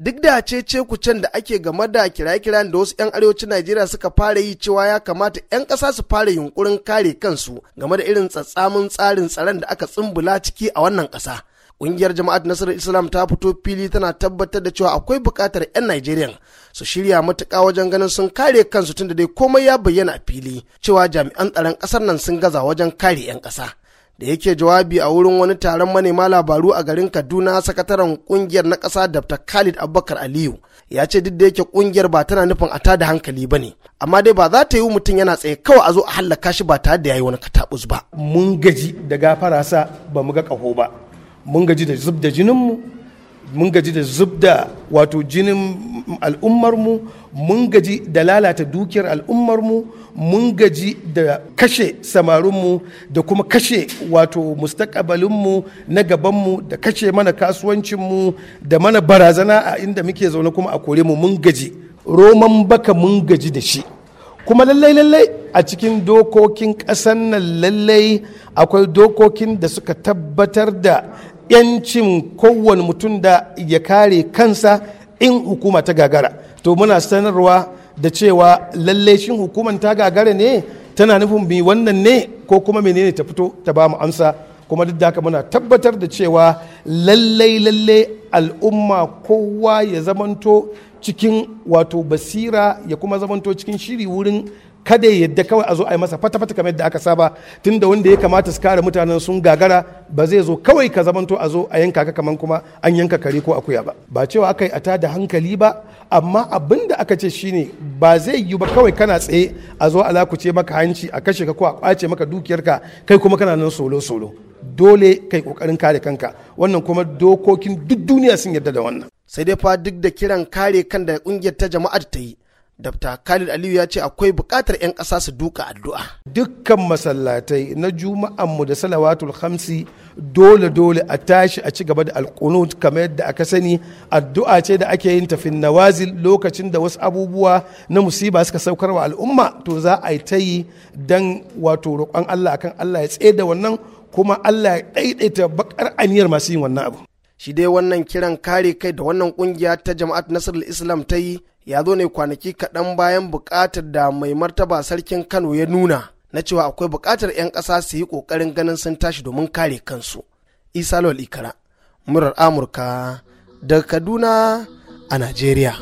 duk da ku can da ake game da kira-kiran da wasu 'yan arewacin Najeriya suka fara yi cewa ya kamata 'yan ƙasa su fara yunkurin kare kansu game da irin tsatsamin tsarin tsaron da aka tsumbula ciki a wannan ƙasa. Ƙungiyar jama'at Nasarar Islam ta fito fili tana tabbatar da cewa akwai buƙatar 'yan Najeriya su shirya matuƙa wajen ganin sun kare kansu tunda dai komai ya bayyana a fili cewa jami'an tsaron ƙasar nan sun gaza wajen kare 'yan ƙasa. da yake jawabi a wurin wani taron manema labaru a garin kaduna sakataren kungiyar na ƙasa dr khalid abubakar aliyu ya ce duk da yake kungiyar ba tana nufin a tada hankali ba ne amma dai ba za ta yi mutum yana tsaye kawai a zo a hallaka shi ba tare da yayi wani katabus ba mun gaji da gafara sa ba mu ga ƙaho ba mun gaji da zub da mu. mun gaji da zub wato jinin al'ummarmu mun gaji da lalata dukiyar al'ummarmu mun gaji da kashe samarinmu da kuma kashe wato mustakabalinmu na gabanmu da kashe mana kasuwancinmu da mana barazana a inda muke zaune kuma a kore mu mun gaji roman baka mun gaji da shi kuma lallai lallai a cikin dokokin ƙasan nan lallai akwai dokokin da suka tabbatar da 'yancin kowane mutum da ya kare kansa in hukuma ta gagara to muna sanarwa da cewa lalle shin hukumar ta gagara ne tana nufin bi wannan ne ko kuma menene ta fito ta ba mu amsa kuma duk da haka muna tabbatar da cewa lallai lallai al'umma kowa ya zamanto cikin wato basira ya kuma zamanto cikin shiri wurin kada ya yadda kawai a zo a yi masa fata-fata kamar yadda aka saba da wanda ya kamata su kare mutanen sun gagara ba zai zo kawai ka zamanto a zo a yanka ka kamar kuma an yanka kare ko akuya ba ba cewa aka yi a da hankali ba amma abin da aka ce shine ba zai yi ba kawai kana tsaye a zo a lakuce maka hanci a kashe ka ko a kwace maka dukiyarka kai kuma kana nan solo solo dole kai kokarin kare kanka wannan kuma dokokin duk duniya sun yarda da wannan sai dai fa duk da kiran kare kan da kungiyar ta jama'a ta yi Dr. Khalid Aliyu ya ce akwai buƙatar 'yan ƙasa su duka addu'a. Dukkan masallatai na juma'anmu da salawatul hamsi dole dole a tashi a ci gaba da alkunut kamar yadda aka sani addu'a ce da ake yin tafin nawazil lokacin da wasu abubuwa na musiba suka saukar wa al'umma to za a yi ta yi don wato roƙon Allah akan Allah ya tsaye da wannan kuma Allah ya ɗaiɗaita baƙar aniyar masu yin wannan abu. shi dai wannan kiran kare kai da wannan kungiya ta jama'at nasrul islam ta yi ya zo ne kwanaki kaɗan bayan buƙatar da mai martaba sarkin kano ya nuna na cewa akwai buƙatar 'yan ƙasa su yi ƙoƙarin ganin sun tashi domin kare kansu isa lol ikara murar amurka daga kaduna a najeriya